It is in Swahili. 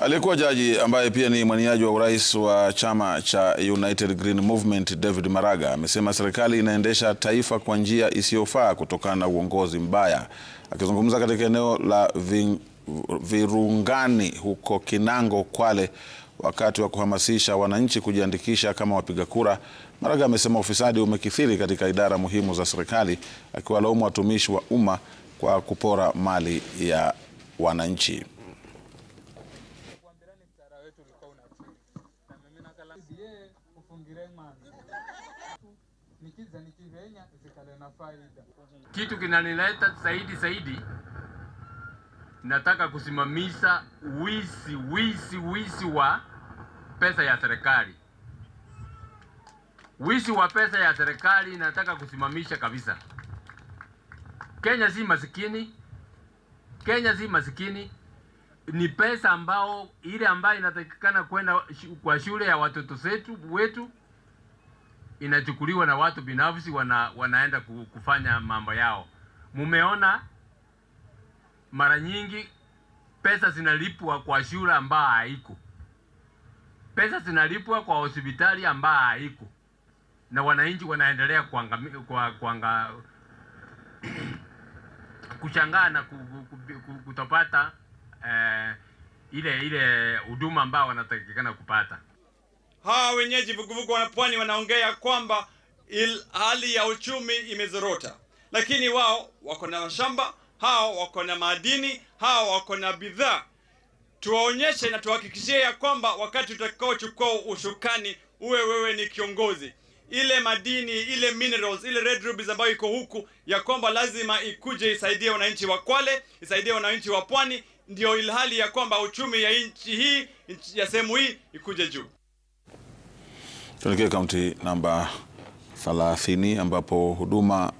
Aliyekuwa jaji ambaye pia ni mwaniaji wa urais wa chama cha United Green Movement David Maraga amesema serikali inaendesha taifa kwa njia isiyofaa kutokana na uongozi mbaya. Akizungumza katika eneo la ving, Virungani huko Kinango, Kwale, wakati wa kuhamasisha wananchi kujiandikisha kama wapiga kura, Maraga amesema ufisadi umekithiri katika idara muhimu za serikali, akiwalaumu watumishi wa umma kwa kupora mali ya wananchi ulikuwa na mimi ufungire nikiza nikivenya zikale na faida. Kitu kinanileta zaidi zaidi, nataka kusimamisha wizi wizi wizi wa pesa ya serikali, wizi wa pesa ya serikali nataka kusimamisha kabisa. Kenya si masikini, Kenya si masikini ni pesa ambao ile ambayo inatakikana kwenda kwa shule ya watoto zetu wetu inachukuliwa na watu binafsi, wana, wanaenda kufanya mambo yao. Mumeona mara nyingi pesa zinalipwa kwa shule ambayo haiko, pesa zinalipwa kwa hospitali ambayo haiko, na wananchi wanaendelea kuangamia kwa, kuanga, kushangaa na kutopata eh, ile ile huduma ambao wanatakikana kupata. Hawa wenyeji vuguvugu wa pwani wanaongea kwamba il, hali ya uchumi imezorota, lakini wao wako na mashamba, hao wako na madini, hao wako na bidhaa. Tuwaonyeshe na tuhakikishie ya kwamba wakati utakaochukua ushukani uwe wewe ni kiongozi ile madini ile minerals ile red rubies ambayo iko huku, ya kwamba lazima ikuje isaidie wananchi wa Kwale, isaidie wananchi wa Pwani, ndio ilhali ya kwamba uchumi ya nchi hii ya sehemu hii ikuje juu. Tuelekee kaunti namba 30 ambapo huduma